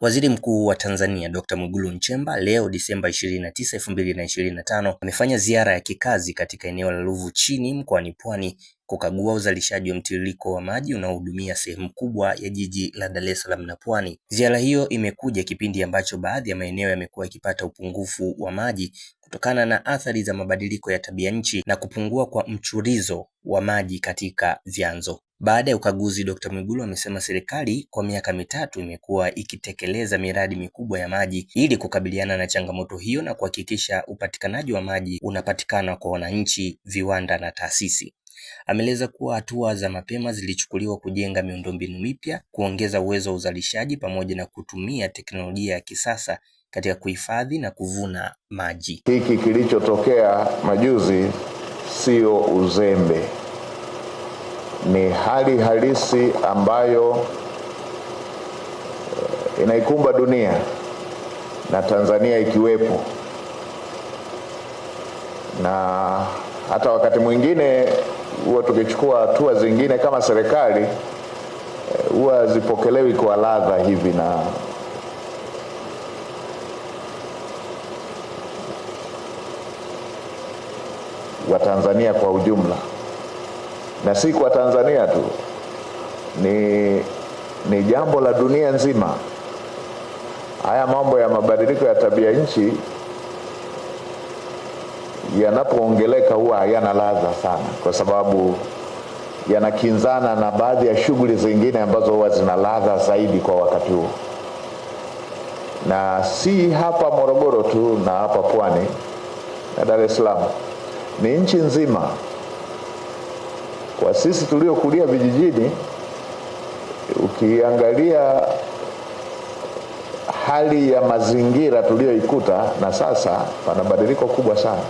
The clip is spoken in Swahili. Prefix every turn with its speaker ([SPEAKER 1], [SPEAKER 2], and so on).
[SPEAKER 1] Waziri Mkuu wa Tanzania Dr. Mwigulu Nchemba leo Disemba 29, 2025 amefanya ziara ya kikazi katika eneo la Ruvu Chini mkoani Pwani kukagua uzalishaji wa mtiririko wa maji unaohudumia sehemu kubwa ya jiji la Dar es Salaam na Pwani. Ziara hiyo imekuja kipindi ambacho baadhi ya maeneo yamekuwa yakipata upungufu wa maji kutokana na athari za mabadiliko ya tabia nchi na kupungua kwa mchurizo wa maji katika vyanzo. Baada ya ukaguzi, Dkt. Mwigulu amesema serikali kwa miaka mitatu imekuwa ikitekeleza miradi mikubwa ya maji ili kukabiliana na changamoto hiyo na kuhakikisha upatikanaji wa maji unapatikana kwa wananchi, viwanda na taasisi. Ameeleza kuwa hatua za mapema zilichukuliwa kujenga miundombinu mipya, kuongeza uwezo wa uzalishaji pamoja na kutumia teknolojia ya kisasa katika kuhifadhi na kuvuna maji.
[SPEAKER 2] Hiki kilichotokea majuzi sio uzembe ni hali halisi ambayo eh, inaikumba dunia na Tanzania ikiwepo, na hata wakati mwingine huwa tukichukua hatua zingine kama serikali eh, huwa zipokelewi kwa ladha hivi na Watanzania kwa ujumla na si kwa Tanzania tu, ni, ni jambo la dunia nzima. Haya mambo ya mabadiliko ya tabia nchi yanapoongeleka huwa hayana ladha sana, kwa sababu yanakinzana na baadhi ya shughuli zingine ambazo huwa zina ladha zaidi kwa wakati huo, na si hapa Morogoro tu na hapa Pwani na Dar es Salaam, ni nchi nzima. Kwa sisi tuliokulia vijijini, ukiangalia hali ya mazingira tuliyoikuta na sasa, pana badiliko kubwa sana.